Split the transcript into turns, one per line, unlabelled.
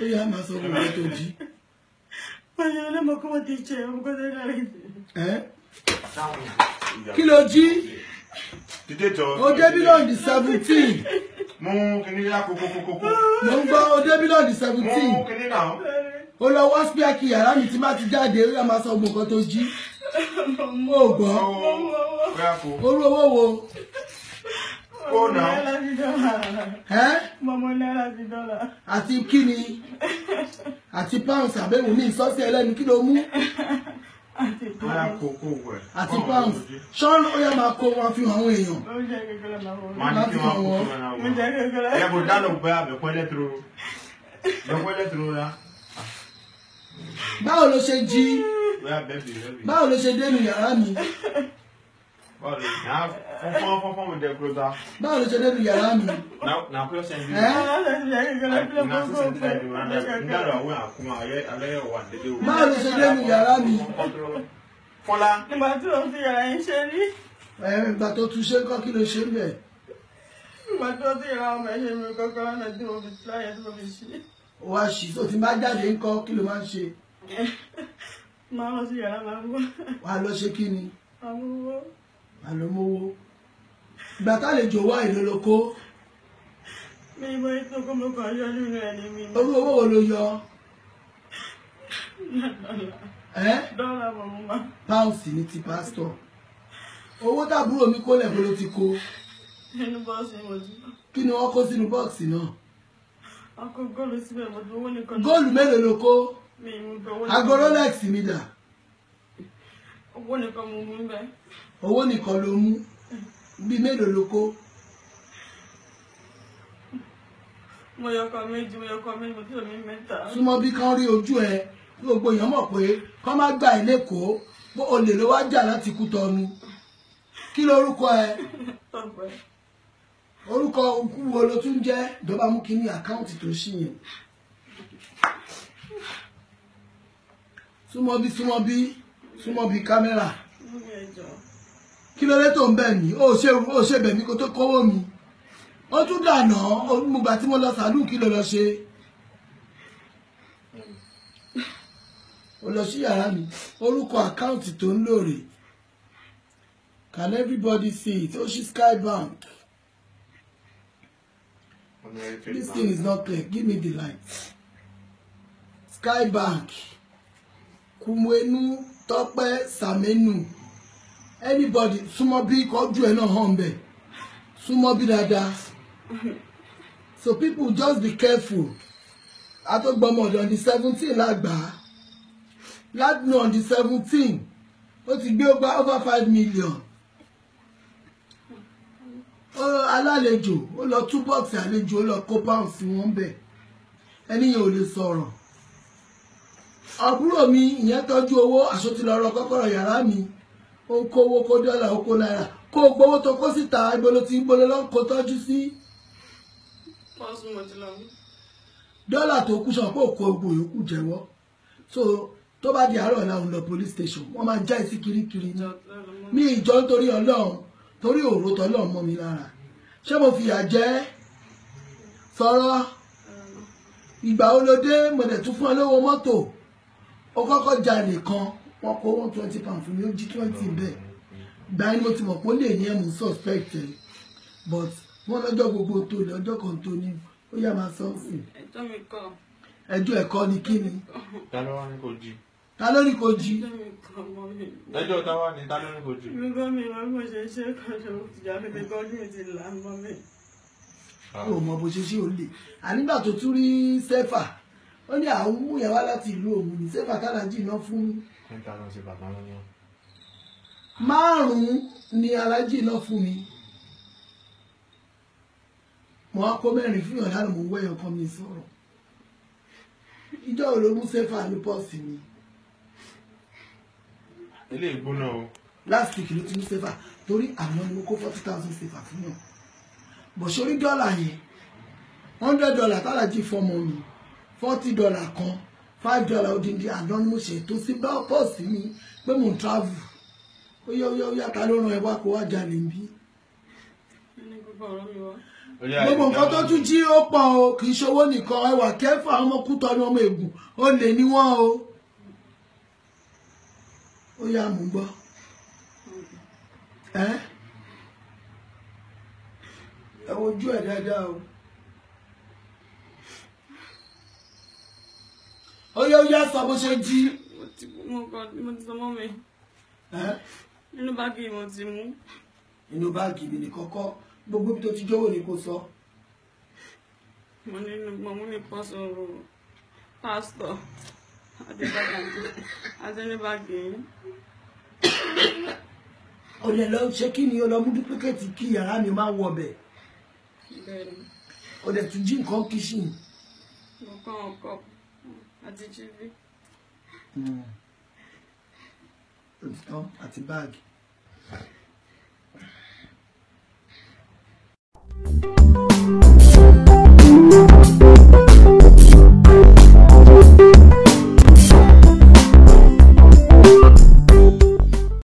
ó yá máa sọ fún mi mas eu não ọlọ́mọ kó wọ́n eu jẹ ohun kó tẹ́lẹ̀ rẹ̀. ẹ kí ló jí o débí lọ́ọ̀dì seventeen. mú kíní yá kókókókó. mo ń gbọ́ o débí lọ́ọ̀dì seventeen. mú kíní náà. o lọ wá spíà kí yàrá mi tí má ti jáde ó yá máa sọ gbogbo tó jí. o gbọ́ wo. Go now. Ẹ́. Mọ̀mọ́ náírà ti dọ́là. Àti kí ni? Àti pounds àbẹ̀wò ní ìsọ́sí ẹlẹ́nu kí ló mú? Àti pounds. Àti pounds. Ṣọ́n ó yẹ máa kó wọn fi hàn àwọn èèyàn. Ó jẹ́ kékeré náà wọ́n. Máa ní kí wọ́n kó fún wọn. Ó jẹ́ kékeré. Ẹ bò dáná bẹ́ àbẹ̀kọ́ lẹ́tìrò. Bẹ̀kọ́ lẹ́tìrò rà. Báwo ló ṣe jí? Báwo ló ṣe dé nu mi? Eh, eh. báwo ló ṣe débi yàrá mi. na kúlọ̀ sẹ́ńdí. báwo ló ṣe débi yàrá mi. fọlá. nígbà tí o fi yàrá yín ṣe rí. ẹ̀ẹ́n eh, ìgbà tó tún ṣe ń kọ́ kí ló ṣe ń bẹ̀. ìgbà tó ti ra ọmọ ẹ̀ṣẹ̀ mi kọ́kọ́ ọ̀nà tí mo fi láyé tí fi ṣe. wá sí tó ti máa jáde ń kọ́ kí ló máa ń ṣe. máa lọ sí yàrá máa wọ. wà á lọ ṣe kí ni. àwọn wọ àlọ́mọ́wọ́ ìgbà tálejò wá ìlọ́lọ́kó. mi ìmọ̀ ìtàn kó mo kàn yọ nínú ẹni mi. owó owó wo ló yọ. dọ́là mọ̀ mo máa. páùsì ni ti pásítọ̀ owó tàbúrò mi kó lẹ́kọ́ ló ti kó. nínú bọ́ọ̀sì mo ti. kí ni wọ́n kó sínú bọ́ọ̀sì náà. ọkọ̀ góòlù síbẹ̀ mo ti owó nìkan. góòlù mélòó ló kó. mi ìmú bẹ owó nìkan. agolo lẹ́ẹ̀sì mi dà. owó nìkan mo mú bẹ́ẹ̀ owó nìkan ló mú bíi mélòó ló kó. mo yọkọ méjì mo yọkọ méjì mo tí omi mẹ́ta. súnmọ́ bí kán rí ojú ẹ kí gbogbo èèyàn mọ̀ pé kán má gbà ẹ́ lẹ́kọ̀ọ́ bó olè ló wá jà láti kú tọ́nu kí lorúkọ ẹ orúkọ òkú wo ló tún jẹ́ ìjọba mú kí ní àkáǹtì tó ṣìyàn súnmọ́ bí súnmọ́ bí súnmọ́ bí kámẹ́rà kí ló dé tó ń bẹ̀ mí ó ṣe ó ṣe bẹ̀ mí kó tó kówó mi ó tún dànà olùmùgbà tí mo lọ sàánú kí ló lọ ṣe ó lọ sí yàrá mi orúkọ àkáǹtì tó ń lò can everybody see it ó ṣí sky bank this thing is not clear give me the light sky bank kùmùẹnu tọpẹ sàmẹnu anybody súnmọ́ bí kọjú ẹ̀ náà hàn bẹ́ẹ̀ súnmọ́ bí dáadáa so people just be careful àtọ́gbọ́mọ ọ̀dọ̀ on the seventeen lágbà ládùnú on the seventeen ó ti gbé ọgbà over five million alálejò ó lọ two bucks àlejò ó lọ kó pound sí wọn bẹ́ẹ̀ ẹni yẹn ò lè sọ̀rọ̀ àbúrò mi ìyẹn tọ́jú owó àṣotìlọ́rọ̀ kọ́kọ́rọ́ yàrá mi ó kówó kó dọ́là ó kó náírà kó o gbowó tó kó síta ibolo tí ibolo ló ń kó tọ́jú sí. dọ́là tó kú sọ pé òkú ogun yòókù jẹ́wọ́ so tó bá di àárọ̀ ọ̀la òun lọ police station wọ́n máa já ìsí kirikiri ní mi ìjọ nítorí ọlọ́run torí òró tọ́lọ́run mọ́ mi lára ṣé mo fìyà jẹ sọ̀rọ̀ ìgbà olóde mo dẹ̀ tún fún ọ lówó mọ́tò ó kọ́kọ́ jà nìkan wọ́n kó one twenty pound fún mi ó jí twenty mm. bẹ́ẹ̀ gbáyé mo ti mọ̀ pé ó lè ní ẹ̀mú suspect ẹ̀ but wọ́n lọ́jọ́ gbogbo tó ní ọjọ́ kan tó ní ó yá máa sọ fún un. ẹjọ́ mi kọ́. ẹjọ́ ẹ̀kọ́ ni kí ni. ta ló wá ní kò jí. ta ló ní kò jí. ẹjọ́ ta wá ní ta ló ní kò jí. mi gbọ́ mi wọ́n mo ṣe ṣe kọ́ṣọ́ ìjà mi mi gbọ́ mi ti là ń mọ́ mi. o ah. mọ bó ṣe ṣe ò lè ànígbà tó tún rí sẹ́fà ó ní àwọn mú yẹn wá láti ìlú òun ní sẹ́fà tálájì náà fún mi ten thousand ṣe bàbá wọn yàn. márùn-ún ni alájì lọ fún mi mo á kó mẹ́rin fún yàrá mo wẹ́yọ̀ kan mi sọ̀rọ̀ ìjọ olóògùn sefa ní pọ́ọ̀sì mi. ilé ìgbóná o. last week ló ti ní sefa torí àná ni mo kó forty thousand sefa fún yàn bọ̀ sórí dọ́là yẹn hundred dollar tálájì fọmọ mi forty dollar kan five dollar odindi anonymous ṣètò sí pọ́ọ̀sì mi pé mò ń travel ó yá ó yá ó yá ta ló ran ẹ wá kó wá jalè ń bí. gbogbo nǹkan tó tún jí ó pọ̀ o kì í ṣowó nìkan ẹwà kẹfà ọmọ kútọ ni ọmọ ègùn ó lè ní o ó yá mú gbọ́ ẹ ẹ wojú ẹ dáadáa o. sọ bó ṣe jí. mo ti sọ mọ́ mi. inú báàgì mo ti mú. inú báàgì mi ní kọ́kọ́ gbogbo ibi tó ti jówó ni kò sọ. mo ní mo mú ní pọ́sọ̀ pásítọ̀ adébágàdé ọ̀dẹ̀ lọ ṣe kí ni ọlọ mú dúpẹ́kẹ̀tì kí yàrá mi máa wọ ọbẹ̀ ọ̀dẹ̀ tún jí nǹkan kìsìn. mo kọ́ ọ̀kọ́ àtijúbí. Non. Oh, báàgì. thank you